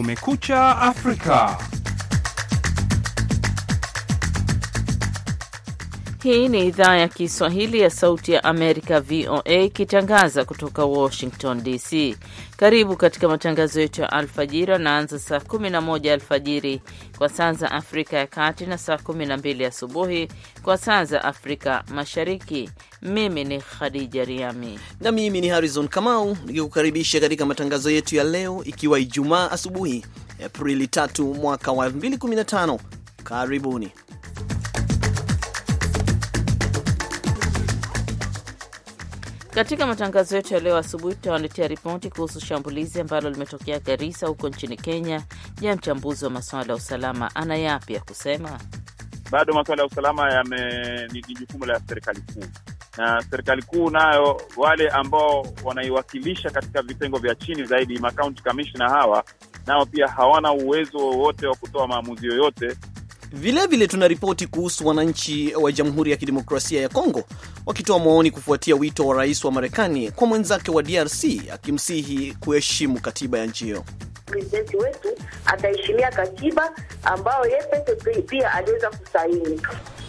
Kumekucha Afrika. Hii ni idhaa ya Kiswahili ya Sauti ya Amerika, VOA, ikitangaza kutoka Washington DC. Karibu katika matangazo yetu ya alfajiri anaanza saa 11 alfajiri kwa saa za Afrika ya Kati na saa 12 asubuhi kwa saa za Afrika Mashariki. Mimi ni Khadija Riami na mimi ni Harrison Kamau nikikukaribisha katika matangazo yetu ya leo, ikiwa Ijumaa asubuhi Aprili 3 mwaka wa 2015. Karibuni. Katika matangazo yetu ya leo asubuhi, tutawaletea ripoti kuhusu shambulizi ambalo limetokea garisa huko nchini Kenya. Je, mchambuzi wa masuala ya usalama ana yapi ya kusema? Bado masuala ya usalama yame ni jukumu la serikali kuu, na serikali kuu nayo wale ambao wanaiwakilisha katika vitengo vya chini zaidi, makaunti kamishna hawa nao pia hawana uwezo wowote wa kutoa maamuzi yoyote Vilevile tuna ripoti kuhusu wananchi wa Jamhuri ya Kidemokrasia ya Kongo wakitoa maoni kufuatia wito wa rais wa Marekani kwa mwenzake wa DRC akimsihi kuheshimu katiba ya nchi hiyo. Prezidenti wetu ataheshimia katiba ambayo yeye pia aliweza kusaini.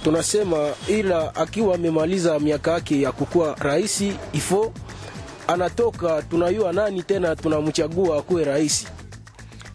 Tunasema ila akiwa amemaliza miaka yake ya kukuwa rais ifo anatoka, tunayua nani tena tunamchagua akuwe rais.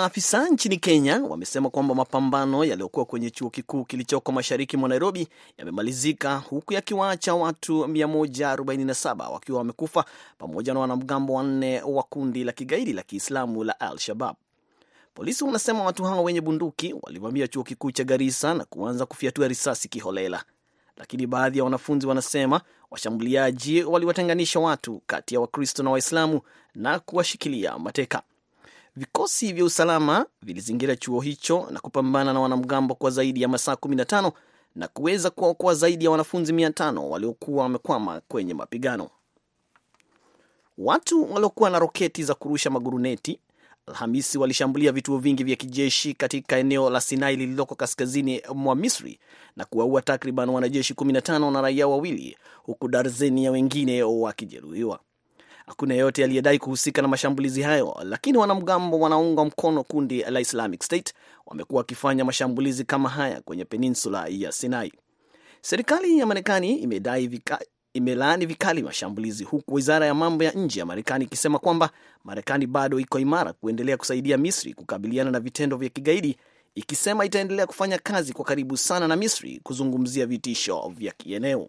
Maafisa nchini Kenya wamesema kwamba mapambano yaliyokuwa kwenye chuo kikuu kilichoko mashariki mwa Nairobi yamemalizika huku yakiwaacha watu 147 wakiwa wamekufa pamoja na wanamgambo wanne wa kundi la kigaidi la Kiislamu la Al-Shabab. Polisi wanasema watu hao wenye bunduki walivamia chuo kikuu cha Garissa na kuanza kufyatua risasi kiholela, lakini baadhi ya wanafunzi wanasema washambuliaji waliwatenganisha watu kati ya Wakristo na Waislamu na kuwashikilia mateka. Vikosi vya usalama vilizingira chuo hicho na kupambana na wanamgambo kwa zaidi ya masaa 15 na kuweza kuwaokoa zaidi ya wanafunzi 500 waliokuwa wamekwama kwenye mapigano. Watu waliokuwa na roketi za kurusha maguruneti Alhamisi walishambulia vituo vingi vya kijeshi katika eneo la Sinai lililoko kaskazini mwa Misri na kuwaua takriban wanajeshi 15 na raia wawili huku darzeni ya wengine wakijeruhiwa. Hakuna yeyote aliyedai kuhusika na mashambulizi hayo, lakini wanamgambo wanaunga mkono kundi la Islamic State wamekuwa wakifanya mashambulizi kama haya kwenye peninsula ya Sinai. Serikali ya Marekani imedai vika, imelaani vikali mashambulizi huku wizara ya mambo ya nje ya Marekani ikisema kwamba Marekani bado iko imara kuendelea kusaidia Misri kukabiliana na vitendo vya kigaidi, ikisema itaendelea kufanya kazi kwa karibu sana na Misri kuzungumzia vitisho vya kieneo.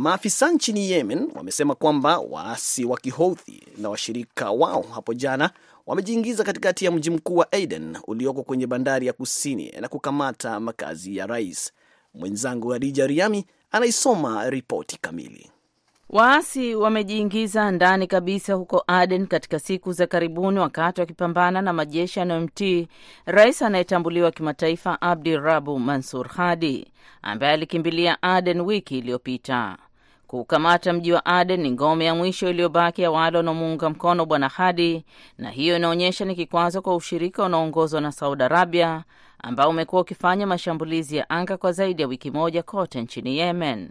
Maafisa nchini Yemen wamesema kwamba waasi wa Kihouthi na washirika wao hapo jana wamejiingiza katikati ya mji mkuu wa Aden ulioko kwenye bandari ya kusini na kukamata makazi ya rais. Mwenzangu Hadija Riami anaisoma ripoti kamili. Waasi wamejiingiza ndani kabisa huko Aden katika siku za karibuni, wakati wakipambana na majeshi yanayomtii rais anayetambuliwa kimataifa Abdi Rabu Mansur Hadi ambaye alikimbilia Aden wiki iliyopita. Kuukamata mji wa Aden ni ngome ya mwisho iliyobaki ya wale wanaomuunga mkono bwana Hadi, na hiyo inaonyesha ni kikwazo kwa ushirika unaoongozwa na Saudi Arabia ambao umekuwa ukifanya mashambulizi ya anga kwa zaidi ya wiki moja kote nchini Yemen.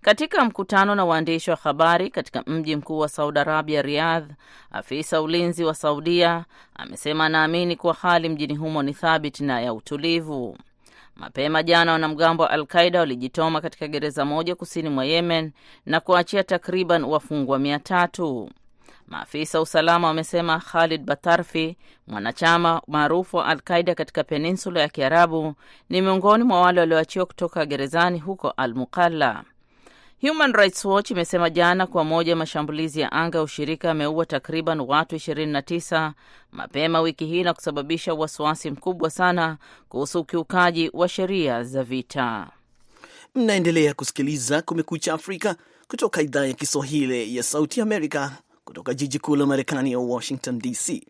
Katika mkutano na waandishi wa habari katika mji mkuu wa Saudi Arabia, Riyadh, afisa ulinzi wa Saudia amesema anaamini kuwa hali mjini humo ni thabiti na ya utulivu. Mapema jana wanamgambo wa Alqaida walijitoma katika gereza moja kusini mwa Yemen na kuachia takriban wafungwa mia tatu. Maafisa wa usalama wamesema Khalid Batarfi, mwanachama maarufu wa Alqaida katika peninsula ya Kiarabu, ni miongoni mwa wale walioachiwa kutoka gerezani huko Al Muqalla. Human Rights Watch imesema jana kuwa moja ya mashambulizi ya anga ya ushirika yameua takriban watu 29 mapema wiki hii na kusababisha wasiwasi mkubwa sana kuhusu ukiukaji wa sheria za vita. Mnaendelea kusikiliza Kumekucha Afrika kutoka idhaa ya Kiswahili ya Sauti Amerika kutoka jiji kuu la Marekani ya Washington DC.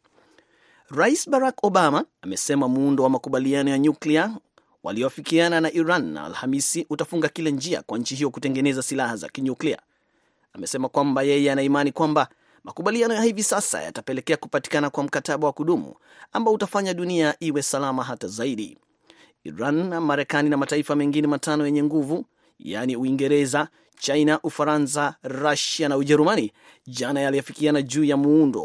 Rais Barack Obama amesema muundo wa makubaliano ya nyuklia walioafikiana na Iran na Alhamisi utafunga kila njia kwa nchi hiyo kutengeneza silaha za kinyuklia. Amesema kwamba yeye anaimani kwamba makubaliano ya hivi sasa yatapelekea kupatikana kwa mkataba wa kudumu ambao utafanya dunia iwe salama hata zaidi. Iran, Marekani na mataifa mengine matano yenye nguvu yaani Uingereza, China, Ufaransa, Rusia na Ujerumani jana yaliafikiana juu ya muundo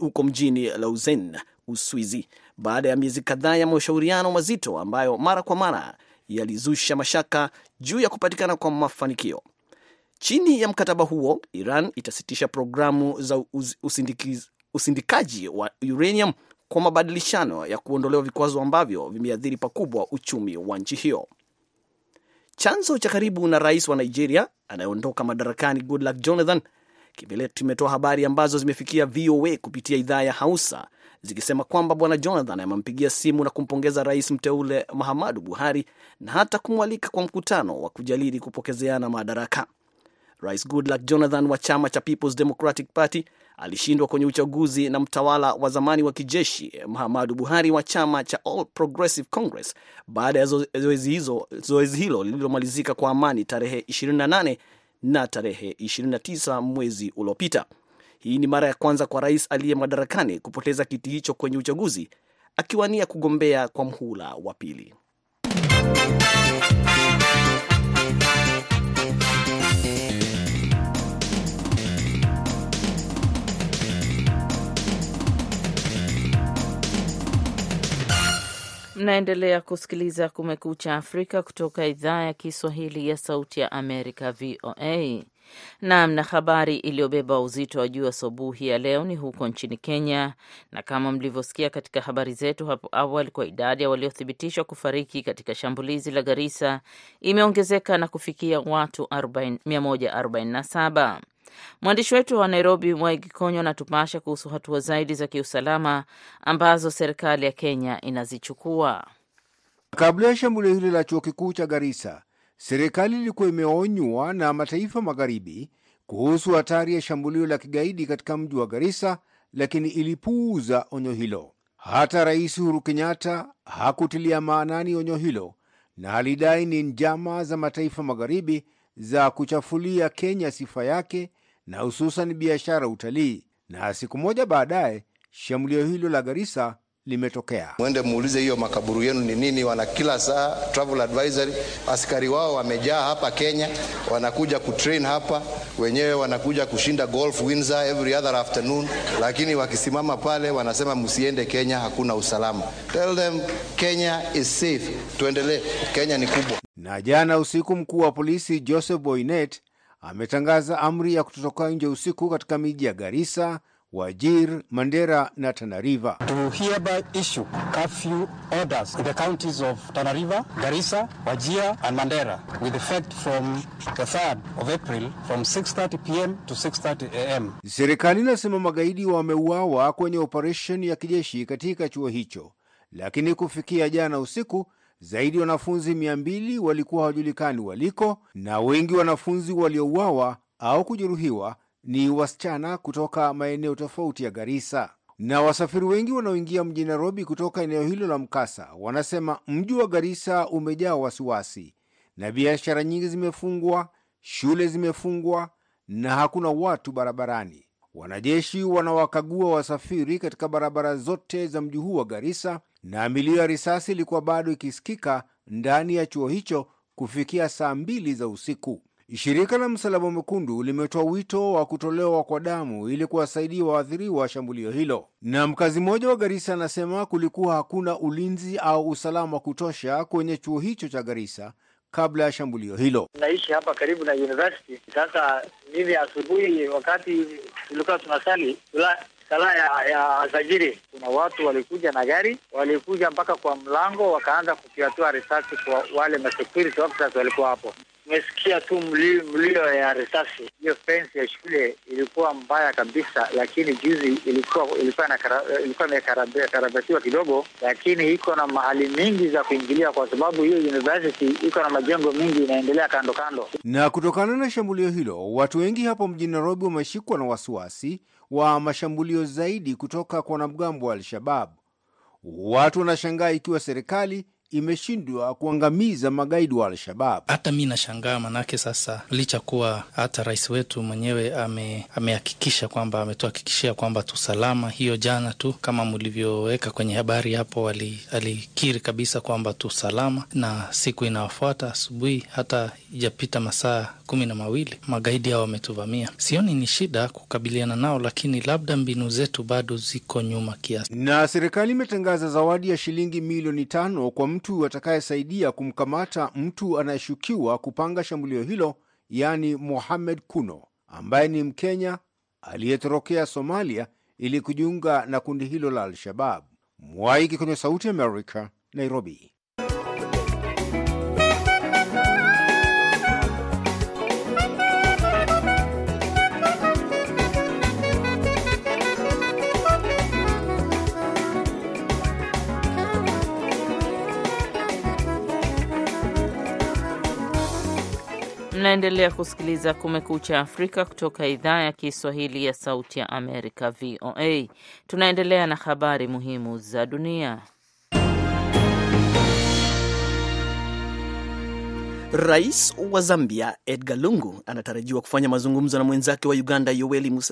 huko mjini Lausanne, Uswizi, baada ya miezi kadhaa ya mashauriano mazito ambayo mara kwa mara yalizusha mashaka juu ya kupatikana kwa mafanikio. Chini ya mkataba huo, Iran itasitisha programu za usindikaji wa uranium kwa mabadilishano ya kuondolewa vikwazo ambavyo vimeathiri pakubwa uchumi wa nchi hiyo. Chanzo cha karibu na rais wa Nigeria anayeondoka madarakani Goodluck Jonathan kimetoa habari ambazo zimefikia VOA kupitia idhaa ya Hausa zikisema kwamba Bwana Jonathan amempigia simu na kumpongeza rais mteule Mahamadu Buhari na hata kumwalika kwa mkutano wa kujadili kupokezeana madaraka. Rais Goodluck Jonathan wa chama cha Peoples Democratic Party alishindwa kwenye uchaguzi na mtawala wa zamani wa kijeshi Mahamadu Buhari wa chama cha All Progressive Congress baada ya zoezi zo zoezi hilo lililomalizika kwa amani tarehe 28 na tarehe 29 mwezi uliopita. Hii ni mara ya kwanza kwa rais aliye madarakani kupoteza kiti hicho kwenye uchaguzi, akiwania kugombea kwa mhula wa pili. Mnaendelea kusikiliza Kumekucha Afrika kutoka idhaa ya Kiswahili ya Sauti ya Amerika, VOA. Naam, na habari iliyobeba uzito wa juu asubuhi ya leo ni huko nchini Kenya, na kama mlivyosikia katika habari zetu hapo awali, kwa idadi ya waliothibitishwa kufariki katika shambulizi la Garissa imeongezeka na kufikia watu 147. Mwandishi wetu wa Nairobi, Mwaigi Konyo, anatupasha kuhusu hatua zaidi za kiusalama ambazo serikali ya Kenya inazichukua kabla ya shambulio hili la chuo kikuu cha Garissa. Serikali ilikuwa imeonywa na mataifa magharibi kuhusu hatari ya shambulio la kigaidi katika mji wa Garisa, lakini ilipuuza onyo hilo. Hata Rais Uhuru Kenyatta hakutilia maanani onyo hilo na alidai ni njama za mataifa magharibi za kuchafulia Kenya sifa yake na hususan biashara, utalii. Na siku moja baadaye shambulio hilo la Garisa limetokea. Mwende muulize hiyo makaburu yenu ni nini, wana kila saa travel advisory. Askari wao wamejaa hapa Kenya, wanakuja kutrain hapa, wenyewe wanakuja kushinda golf Windsor every other afternoon, lakini wakisimama pale wanasema msiende Kenya, hakuna usalama. Tell them Kenya is safe, tuendelee, Kenya ni kubwa. Na jana usiku mkuu wa polisi Joseph Boynet ametangaza amri ya kutotoka nje usiku katika miji ya Garissa Wajir, Mandera na Tana River. To hereby issue curfew orders in the counties of Tana River, Garissa, Wajir and Mandera with effect from the 3rd of April from 6:30 pm to 6:30 am. Serikali inasema magaidi wameuawa kwenye operation ya kijeshi katika chuo hicho, lakini kufikia jana usiku zaidi wanafunzi 200 walikuwa hawajulikani waliko na wengi wanafunzi waliouawa au kujeruhiwa ni wasichana kutoka maeneo tofauti ya Garissa na wasafiri wengi wanaoingia mjini Nairobi kutoka eneo hilo la mkasa wanasema mji wa Garissa umejaa wasiwasi, na biashara nyingi zimefungwa, shule zimefungwa na hakuna watu barabarani. Wanajeshi wanawakagua wasafiri katika barabara zote za mji huu wa Garissa, na milio ya risasi ilikuwa bado ikisikika ndani ya chuo hicho kufikia saa mbili za usiku. Shirika la Msalaba Mwekundu limetoa wito wa kutolewa kwa damu ili kuwasaidia waathiriwa wa shambulio hilo. Na mkazi mmoja wa Garissa anasema kulikuwa hakuna ulinzi au usalama wa kutosha kwenye chuo hicho cha Garissa kabla ya shambulio hilo. Naishi hapa karibu na university. Sasa mimi asubuhi, wakati tulikuwa tunasali sala ya, ya zajiri, kuna watu walikuja na gari, walikuja mpaka kwa mlango, wakaanza kufiatua risasi kwa wale masecurity officers walikuwa hapo. Umesikia tu mlio ya risasi. Hiyo fensi ya shule ilikuwa mbaya kabisa, lakini juzi ilikuwa ilikuwa na kara, ilikuwa imekarabatiwa kidogo, lakini iko na mahali mingi za kuingilia, kwa sababu hiyo university iko na majengo mingi inaendelea kando kando. Na kutokana na shambulio hilo, watu wengi hapo mjini Nairobi wameshikwa na wasiwasi wa mashambulio zaidi kutoka kwa wanamgambo wa Al-Shabab. Watu wanashangaa ikiwa serikali imeshindwa kuangamiza magaidi wa Al-Shabab. Hata mi nashangaa, manake sasa licha kuwa hata rais wetu mwenyewe amehakikisha ame kwamba ametuhakikishia kwamba tusalama. Hiyo jana tu kama mlivyoweka kwenye habari hapo, alikiri kabisa kwamba tusalama, na siku inayofuata asubuhi, hata ijapita masaa kumi na mawili magaidi hao wametuvamia. Sioni ni shida kukabiliana nao, lakini labda mbinu zetu bado ziko nyuma kiasi. Na serikali imetangaza zawadi ya shilingi milioni tano kwa mtu atakayesaidia kumkamata mtu anayeshukiwa kupanga shambulio hilo, yaani Mohamed Kuno ambaye ni Mkenya aliyetorokea Somalia ili kujiunga na kundi hilo la Al-Shabab. Mwaiki kwenye Sauti America, Nairobi. Mnaendelea kusikiliza Kumekucha Afrika kutoka idhaa ya Kiswahili ya Sauti ya Amerika, VOA. Tunaendelea na habari muhimu za dunia. Rais wa Zambia Edgar Lungu anatarajiwa kufanya mazungumzo na mwenzake wa Uganda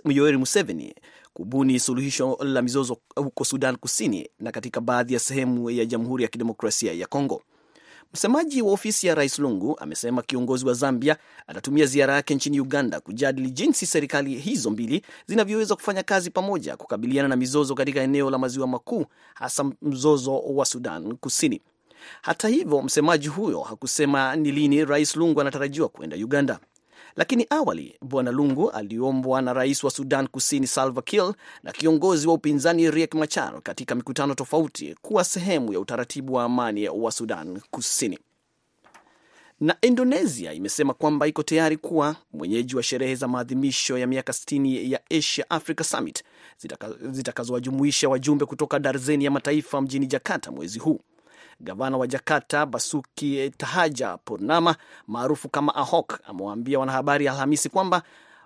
Yoweri Museveni kubuni suluhisho la mizozo huko Sudan Kusini na katika baadhi ya sehemu ya Jamhuri ya Kidemokrasia ya Kongo. Msemaji wa ofisi ya rais Lungu amesema kiongozi wa Zambia atatumia ziara yake nchini Uganda kujadili jinsi serikali hizo mbili zinavyoweza kufanya kazi pamoja kukabiliana na mizozo katika eneo la maziwa makuu, hasa mzozo wa Sudan Kusini. Hata hivyo, msemaji huyo hakusema ni lini rais Lungu anatarajiwa kuenda Uganda. Lakini awali Bwana Lungu aliombwa na rais wa Sudan Kusini Salva Kiir na kiongozi wa upinzani Riek Machar katika mikutano tofauti kuwa sehemu ya utaratibu wa amani wa Sudan Kusini. Na Indonesia imesema kwamba iko tayari kuwa mwenyeji wa sherehe za maadhimisho ya miaka 60 ya Asia Africa Summit zitakazowajumuisha wajumbe kutoka darzeni ya mataifa mjini Jakarta mwezi huu. Gavana wa Jakarta Basuki Tahaja Purnama maarufu kama Ahok amewaambia wanahabari Alhamisi kwamba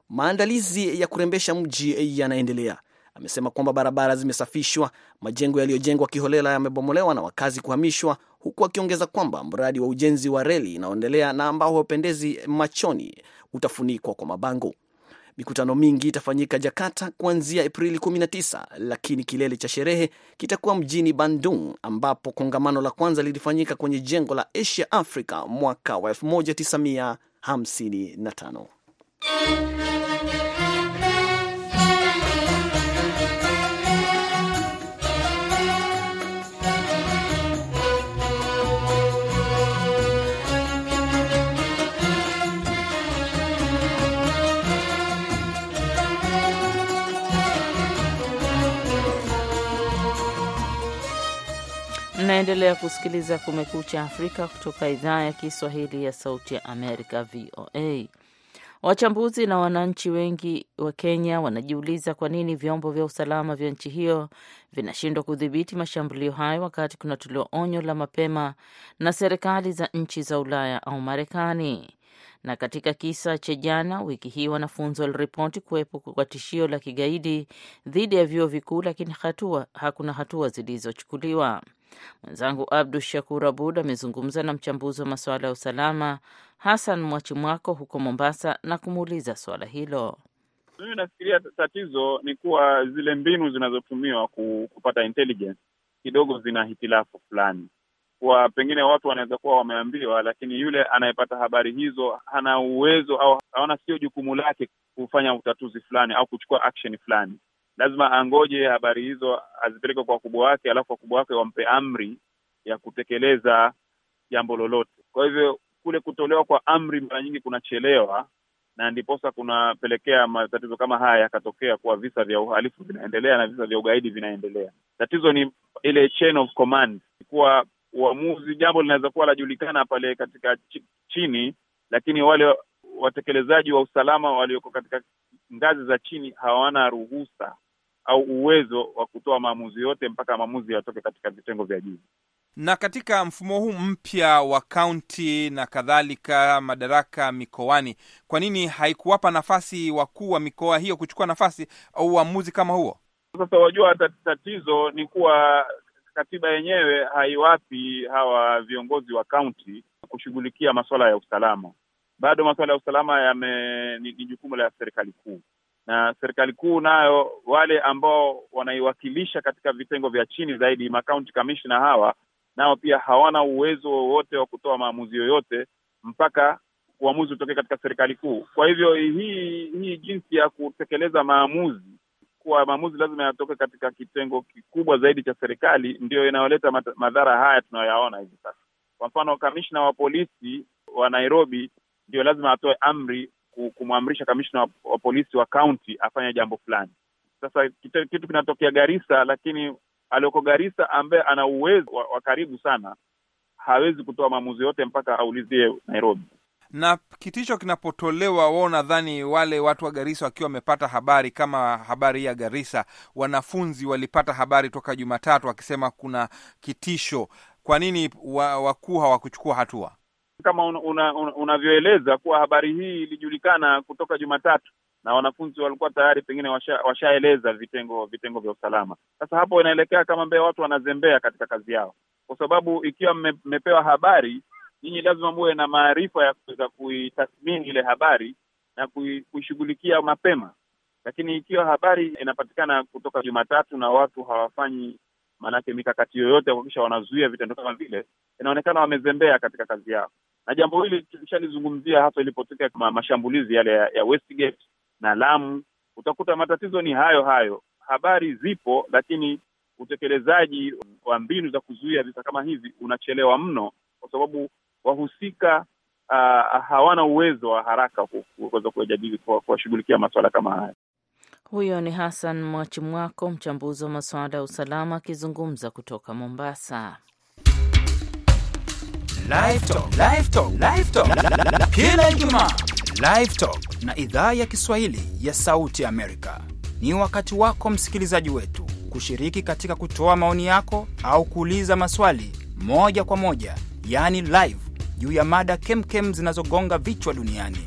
maandalizi ya kurembesha mji yanaendelea. Amesema kwamba barabara zimesafishwa, majengo yaliyojengwa kiholela yamebomolewa na wakazi kuhamishwa, huku akiongeza kwamba mradi wa ujenzi wa reli inaoendelea na ambao haupendezi machoni utafunikwa kwa mabango. Mikutano mingi itafanyika Jakarta kuanzia Aprili 19, lakini kilele cha sherehe kitakuwa mjini Bandung, ambapo kongamano la kwanza lilifanyika kwenye jengo la Asia Africa mwaka wa 1955. Unaendelea kusikiliza Kumekucha Afrika kutoka idhaa ya Kiswahili ya Sauti ya Amerika, VOA. Wachambuzi na wananchi wengi wa Kenya wanajiuliza kwa nini vyombo vya usalama vya nchi hiyo vinashindwa kudhibiti mashambulio hayo wakati kunatolewa onyo la mapema na serikali za nchi za Ulaya au Marekani. Na katika kisa cha jana wiki hii, wanafunzi waliripoti kuwepo kwa tishio la kigaidi dhidi ya vyuo vikuu, lakini hatua, hakuna hatua zilizochukuliwa. Mwenzangu Abdu Shakur Abud amezungumza na mchambuzi wa masuala ya usalama Hassan Mwachimwako huko Mombasa na kumuuliza suala hilo. Mimi nafikiria tatizo ni kuwa zile mbinu zinazotumiwa kupata intelligence kidogo zina hitilafu fulani, kwa pengine watu wanaweza kuwa wameambiwa, lakini yule anayepata habari hizo hana uwezo au haona, sio jukumu lake kufanya utatuzi fulani au kuchukua action fulani lazima angoje habari hizo azipeleke kwa wakubwa wake, alafu wakubwa wake wampe amri ya kutekeleza jambo lolote. Kwa hivyo kule kutolewa kwa amri mara nyingi kunachelewa, na ndiposa kunapelekea matatizo kama haya yakatokea, kuwa visa vya uhalifu vinaendelea na visa vya ugaidi vinaendelea. Tatizo ni ile chain of command, kuwa uamuzi, jambo linaweza kuwa lajulikana pale katika chini, lakini wale watekelezaji wa usalama walioko katika ngazi za chini hawana ruhusa au uwezo wa kutoa maamuzi yote mpaka maamuzi yatoke katika vitengo vya juu. Na katika mfumo huu mpya wa kaunti na kadhalika, madaraka mikoani, kwa nini haikuwapa nafasi wakuu wa mikoa hiyo kuchukua nafasi au uamuzi kama huo? Sasa wajua, tatizo ni kuwa katiba yenyewe haiwapi hawa viongozi wa kaunti kushughulikia masuala ya usalama. Bado masuala ya usalama yame, ni, ni jukumu la serikali kuu na serikali kuu nayo, wale ambao wanaiwakilisha katika vitengo vya chini zaidi, makaunti kamishna hawa nao pia hawana uwezo wowote wa kutoa maamuzi yoyote mpaka uamuzi utoke katika serikali kuu. Kwa hivyo hii hii jinsi ya kutekeleza maamuzi kuwa maamuzi lazima yatoke katika kitengo kikubwa zaidi cha serikali ndiyo inayoleta madhara haya tunayoyaona hivi sasa. Kwa mfano, kamishna wa polisi wa Nairobi ndio lazima atoe amri kumwamrisha kamishna wa polisi wa kaunti afanye jambo fulani. Sasa kitu, kitu kinatokea Garissa, lakini alioko Garissa ambaye ana uwezo wa karibu sana hawezi kutoa maamuzi yote mpaka aulizie Nairobi. Na kitisho kinapotolewa, wao nadhani wale watu wa Garissa wakiwa wamepata habari kama habari ya Garissa, wanafunzi walipata habari toka Jumatatu wakisema kuna kitisho. Kwa nini wakuu hawakuchukua hatua? kama unavyoeleza una, una kuwa habari hii ilijulikana kutoka Jumatatu na wanafunzi walikuwa tayari pengine washaeleza washa vitengo vitengo vya usalama. Sasa hapo inaelekea kama mbee watu wanazembea katika kazi yao, kwa sababu ikiwa mmepewa habari nyinyi lazima muwe na maarifa ya kuweza kuitathmini ile habari na kuishughulikia mapema. Lakini ikiwa habari inapatikana kutoka Jumatatu na watu hawafanyi Maanake mikakati yoyote ya kuhakikisha wanazuia vitendo kama vile inaonekana wamezembea katika kazi yao, na jambo hili tulishalizungumzia hasa ilipotokea mashambulizi yale ya, ya Westgate na Lamu. Utakuta matatizo ni hayo hayo, habari zipo, lakini utekelezaji wa mbinu za kuzuia visa kama hivi unachelewa mno, kwa sababu wahusika uh, hawana uwezo wa haraka kuweza kujadili kuwashughulikia masuala kama haya. Huyo ni Hassan Mwachimwako, mchambuzi wa masuala ya usalama akizungumza kutoka Mombasa. Kila Ijumaa na idhaa ya Kiswahili ya Sauti Amerika ni wakati wako msikilizaji wetu kushiriki katika kutoa maoni yako au kuuliza maswali moja kwa moja, yaani live, juu ya mada kemkem zinazogonga vichwa duniani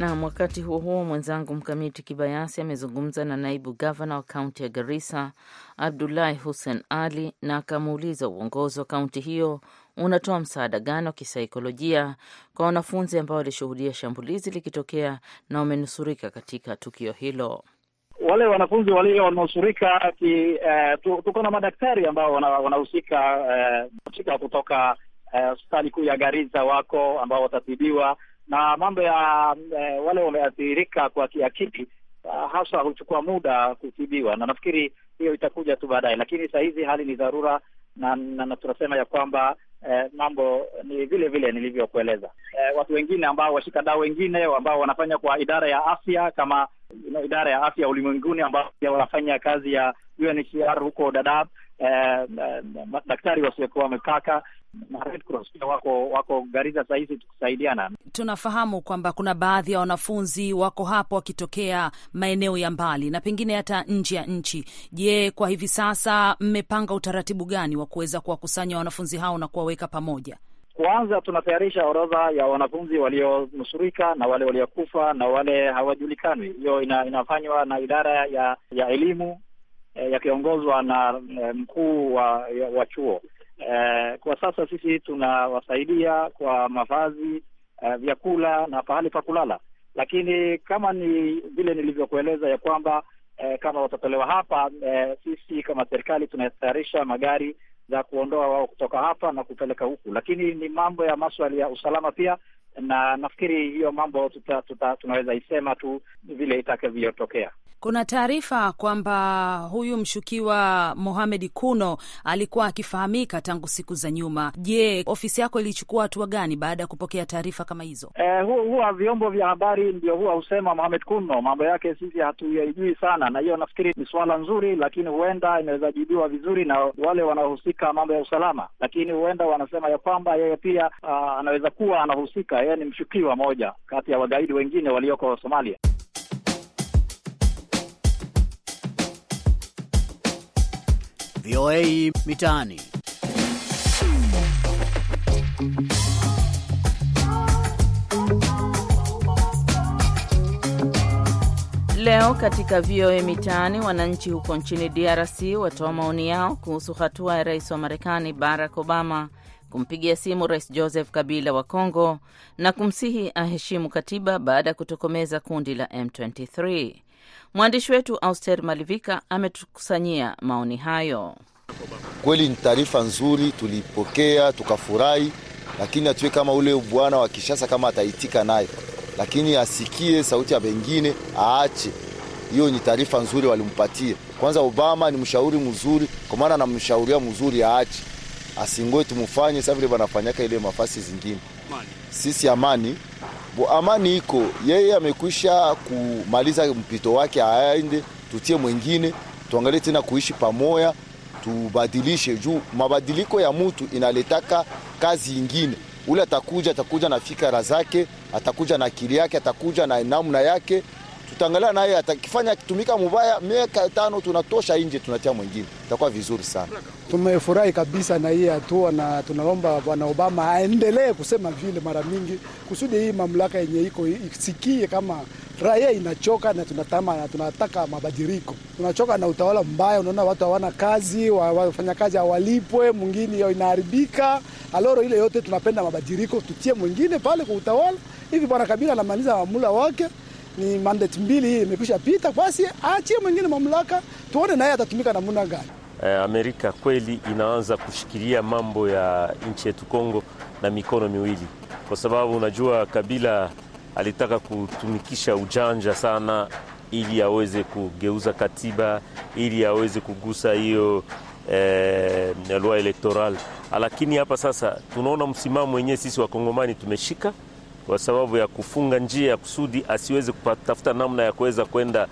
Naam, wakati huo huo mwenzangu Mkamiti Kibayasi amezungumza na naibu gavana wa kaunti ya Garissa Abdullahi Hussein Ali na akamuuliza uongozi wa kaunti hiyo unatoa msaada gani wa kisaikolojia kwa wanafunzi ambao walishuhudia shambulizi likitokea na wamenusurika katika tukio hilo. Wale wanafunzi walionusurika eh, tuko na madaktari ambao wanahusika wana eh, kutoka eh, hospitali eh, kuu ya Garissa wako ambao watatibiwa na mambo ya e, wale wameathirika kwa kiakili ah, hasa huchukua muda kutibiwa, na nafikiri hiyo itakuja tu baadaye, lakini saa hizi hali ni dharura na, na, na tunasema ya kwamba e, mambo ni vile vile nilivyokueleza. E, watu wengine ambao washikadau wengine ambao wanafanya kwa idara ya afya kama you know, idara ya afya ulimwenguni ambao wanafanya kazi ya UNHCR huko Dadaab, eh, daktari wasiokuwa wamepaka na Red Cross pia wako wako Garissa saa hizi tukisaidiana. Tunafahamu kwamba kuna baadhi ya wanafunzi wako hapo wakitokea maeneo ya mbali na pengine hata nje ya nchi. Je, kwa hivi sasa mmepanga utaratibu gani wa kuweza kuwakusanya wanafunzi hao na kuwaweka pamoja? Kwanza tunatayarisha orodha ya wanafunzi walionusurika na wale waliokufa na wale hawajulikani. Hiyo ina, inafanywa na idara ya ya elimu eh, yakiongozwa na eh, mkuu wa, wa chuo Eh, kwa sasa sisi tunawasaidia kwa mavazi eh, vyakula na pahali pa kulala, lakini kama ni vile nilivyokueleza ya kwamba eh, kama watatolewa hapa eh, sisi kama serikali tunatayarisha magari za kuondoa wao kutoka hapa na kupeleka huku, lakini ni mambo ya maswali ya usalama pia, na nafikiri hiyo mambo tuta, tuta, tunaweza isema tu vile itakavyotokea. Kuna taarifa kwamba huyu mshukiwa Mohamed Kuno alikuwa akifahamika tangu siku za nyuma. Je, ofisi yako ilichukua hatua gani baada ya kupokea taarifa kama hizo? Eh, huwa, huwa vyombo vya habari ndio huwa husema Mohamed Kuno mambo yake sisi hatuyaijui sana, na hiyo nafikiri ni suala nzuri, lakini huenda inaweza jibiwa vizuri na wale wanaohusika mambo ya usalama, lakini huenda wanasema ya kwamba yeye pia uh, anaweza kuwa anahusika. Yeye ni mshukiwa moja kati ya wagaidi wengine walioko Somalia. VOA Mitaani. Leo katika VOA Mitaani, wananchi huko nchini DRC watoa maoni yao kuhusu hatua ya rais wa Marekani Barack Obama kumpigia simu Rais Joseph Kabila wa Kongo na kumsihi aheshimu katiba baada ya kutokomeza kundi la M23. Mwandishi wetu Auster Malivika ametukusanyia maoni hayo. Kweli ni taarifa nzuri, tulipokea tukafurahi, lakini atue kama ule bwana wa Kishasa kama ataitika naye, lakini asikie sauti ya wengine, aache hiyo. Ni taarifa nzuri walimpatia Kwanza Obama ni mshauri mzuri, kwa maana anamshauria mzuri, aache asingoe, tumufanye saa vile banafanyaka ile mafasi zingine. Sisi amani Bo, amani iko, yeye amekwisha kumaliza mpito wake, aende tutie mwingine, tuangalie tena kuishi pamoja, tubadilishe juu mabadiliko ya mtu inaletaka kazi ingine. Ule atakuja atakuja na fikra zake, atakuja na akili yake, atakuja na namna yake tutaangalia naye atakifanya akitumika mubaya miaka tano, tunatosha nje, tunatia mwingine, itakuwa vizuri sana. Tumefurahi kabisa na hii hatua, na tunaomba bwana Obama aendelee kusema vile mara mingi, kusudi hii mamlaka yenye iko isikie kama raia inachoka na tunatama na tunataka mabadiliko. Tunachoka na utawala mbaya, unaona watu hawana kazi, wafanyakazi hawalipwe, mwingine hiyo inaharibika. Aloro ile yote tunapenda mabadiliko, tutie mwingine pale kwa utawala hivi. Bwana Kabila anamaliza mula wake ni mandate mbili hii imekwisha pita, basi aachie mwingine mamlaka, tuone naye atatumika namna gani. Eh, Amerika kweli inaanza kushikilia mambo ya nchi yetu Kongo na mikono miwili, kwa sababu unajua Kabila alitaka kutumikisha ujanja sana ili aweze kugeuza katiba ili aweze kugusa hiyo eh, lwa elektoral. Lakini hapa sasa tunaona msimamo wenyewe sisi wakongomani tumeshika kwa sababu ya kufunga njia ya kusudi asiweze kutafuta namna ya kuweza kwenda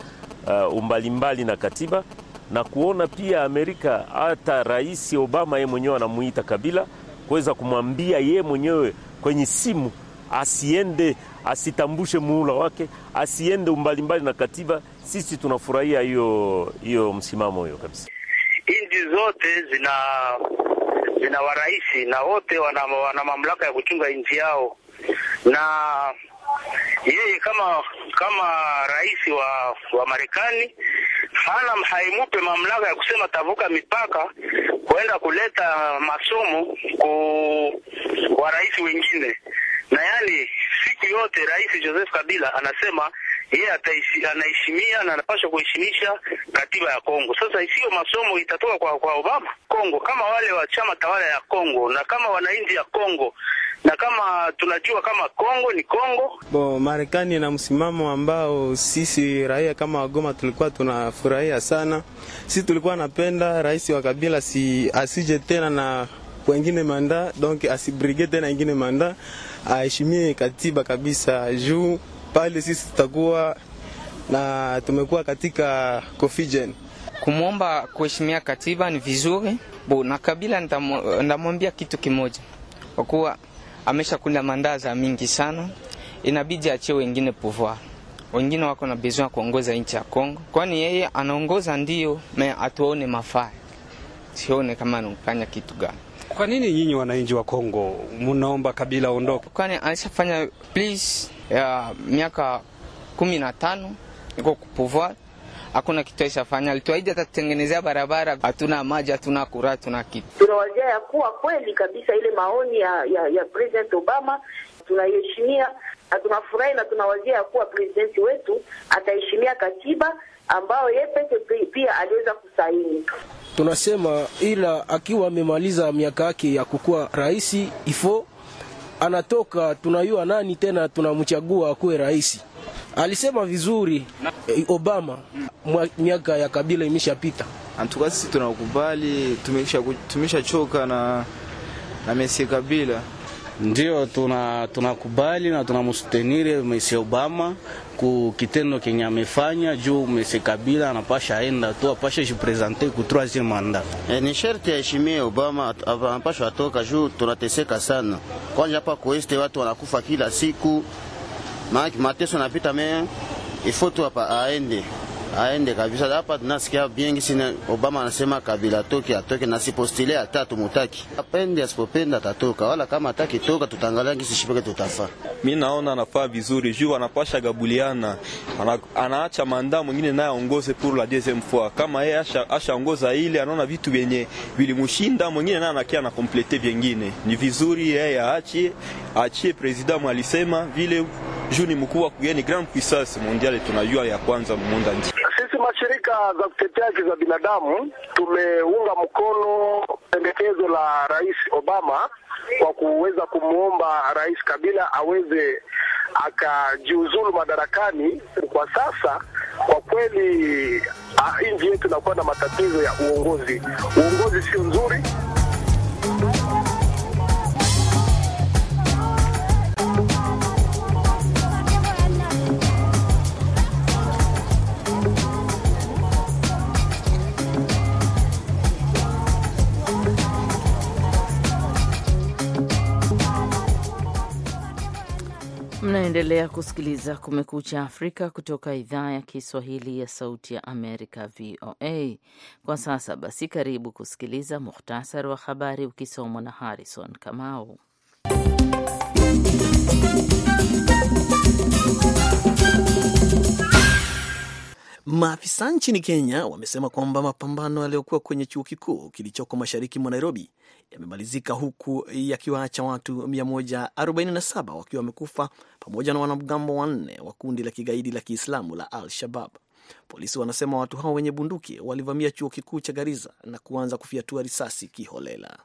uh, umbalimbali na katiba na kuona pia Amerika, hata Rais Obama yeye mwenyewe anamuita Kabila kuweza kumwambia yeye mwenyewe kwenye simu asiende, asitambushe muhula wake, asiende umbalimbali na katiba. Sisi tunafurahia hiyo hiyo msimamo huyo kabisa. Nchi zote zina zina waraisi na wote wana, wana mamlaka ya kuchunga nchi yao na yeye kama kama rais wa wa Marekani hana haimupe mamlaka ya kusema tavuka mipaka kwenda kuleta masomo ku wa rais wengine, na yani siku yote Rais Joseph Kabila anasema yeye anaheshimia na anapaswa kuheshimisha katiba ya Kongo. Sasa isiyo masomo itatoka kwa, kwa Obama Kongo, kama wale wa chama tawala ya Kongo na kama wananchi ya Kongo na kama tunajua kama Kongo ni Kongo. Bo, Marekani na msimamo ambao sisi raia kama Wagoma tulikuwa tunafurahia sana. Si tulikuwa napenda rais wa Kabila si asije tena na wengine manda, donc asibrige tena wengine manda, aheshimie katiba kabisa juu pale sisi tutakuwa na tumekuwa katika confusion. Kumwomba kuheshimia katiba ni vizuri bo, na Kabila ndamwambia kitu kimoja kwa kuwa ameshakula mandaza mingi sana, inabidi achie wengine pouvoir wengine wako na besoin ya kuongoza nchi ya Kongo, kwani yeye anaongoza ndio, me atuone mafaa, sione kama anafanya kitu gani. Kwa nini nyinyi wananchi wa Kongo munaomba Kabila ondoke? Kwani alishafanya please ya miaka kumi na tano iko kupouvoir hakuna kitu aishafanya. Alituahidi atatengenezea barabara, hatuna maji, hatuna kura, hatuna kitu. Tunawazia ya kuwa kweli kabisa ile maoni ya, ya, ya President Obama tunaheshimia na tunafurahi na tunawazia ya kuwa presidenti wetu ataheshimia katiba ambayo yeye peke pia aliweza kusaini. Tunasema ila akiwa amemaliza miaka yake ya kukuwa rais ifo anatoka, tunayua nani tena tunamchagua akuwe rais. Alisema vizuri eh, Obama, miaka ya Kabila imeshapita. Antuka sisi tunakubali, tumeshachoka na, na Mesi Kabila ndio tunakubali tuna na tunamusutenire Mesi Obama ku kitendo kenye amefanya juu Mesi Kabila anapasha aenda tu apasha jipresente ku troisieme mandat. E, ni sharti heshima Obama, anapasha atoka juu tunateseka sana. Kwanza hapa kueste watu wanakufa kila siku maana mateso napita me ifotu hapa aende aende kabisa. Hapa tunasikia bingi sina Obama anasema Kabila toki atoke, na sipostile atatu mutaki apende asipopenda atatoka, wala kama ataki toka, tutangalia ngisi shipeke tutafa. mi naona anafaa vizuri juu anapasha gabuliana, ana, anaacha manda mwingine naye aongoze pour la deuxième fois. Kama yeye asha ashaongoza ile, anaona vitu vyenye vilimshinda, mwingine naye anakia na complete vingine. Ni vizuri yeye aache achie, president alisema vile juu ni mkuu wa kugeni grand puissance mondiale, tunajua ya kwanza munda nchi. Sisi mashirika za kutetea haki za binadamu tumeunga mkono pendekezo la Rais Obama kwa kuweza kumwomba Rais Kabila aweze akajiuzulu madarakani kwa sasa. Kwa kweli ah, nchi yetu inakuwa na matatizo ya uongozi. Uongozi sio nzuri. Unaendelea kusikiliza Kumekucha Afrika kutoka idhaa ya Kiswahili ya Sauti ya Amerika, VOA. Kwa sasa basi, karibu kusikiliza muhtasari wa habari ukisomwa na Harrison Kamau. Maafisa nchini Kenya wamesema kwamba mapambano yaliyokuwa kwenye chuo kikuu kilichoko mashariki mwa Nairobi yamemalizika huku yakiwaacha watu 147 wakiwa wamekufa pamoja na wanamgambo wanne wa kundi la kigaidi la Kiislamu la Al Shabab. Polisi wanasema watu hao wenye bunduki walivamia chuo kikuu cha Garissa na kuanza kufiatua risasi kiholela.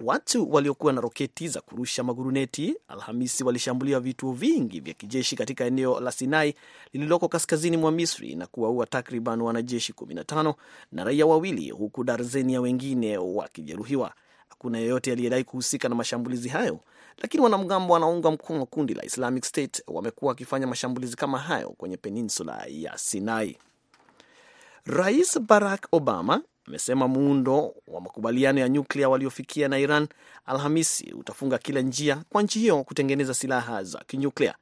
Watu waliokuwa na roketi za kurusha maguruneti Alhamisi walishambulia vituo vingi vya kijeshi katika eneo la Sinai lililoko kaskazini mwa Misri na kuwaua takriban wanajeshi 15 na raia wawili, huku darzenia wengine wakijeruhiwa. Hakuna yeyote aliyedai kuhusika na mashambulizi hayo, lakini wanamgambo wanaunga mkono kundi la Islamic State wamekuwa wakifanya mashambulizi kama hayo kwenye peninsula ya Sinai. Rais Barack Obama amesema muundo wa makubaliano ya nyuklia waliofikia na Iran Alhamisi utafunga kila njia kwa nchi hiyo kutengeneza silaha za kinyuklia.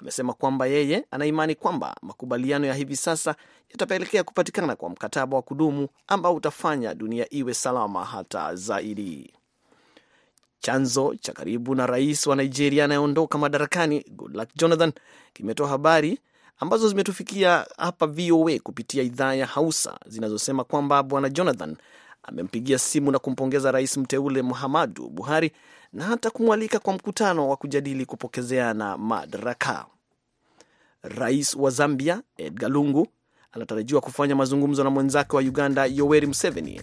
Amesema kwamba yeye anaimani kwamba makubaliano ya hivi sasa yatapelekea kupatikana kwa mkataba wa kudumu ambao utafanya dunia iwe salama hata zaidi. Chanzo cha karibu na rais wa Nigeria anayeondoka madarakani Goodluck Jonathan kimetoa habari ambazo zimetufikia hapa VOA kupitia idhaa ya Hausa zinazosema kwamba Bwana Jonathan amempigia simu na kumpongeza rais mteule Muhammadu Buhari na hata kumwalika kwa mkutano wa kujadili kupokezeana madaraka. Rais wa Zambia Edgar Lungu anatarajiwa kufanya mazungumzo na mwenzake wa Uganda Yoweri Museveni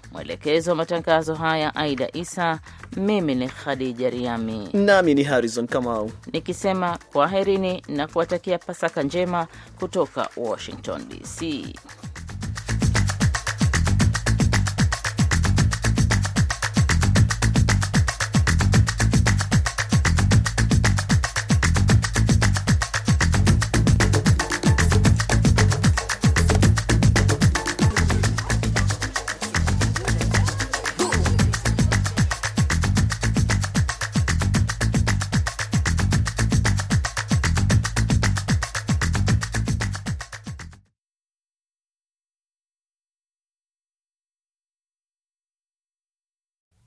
Mwelekezi wa matangazo haya Aida Isa, mimi ni Khadija Riami nami ni Harrison Kamau nikisema kwaherini na kuwatakia Pasaka njema kutoka Washington DC.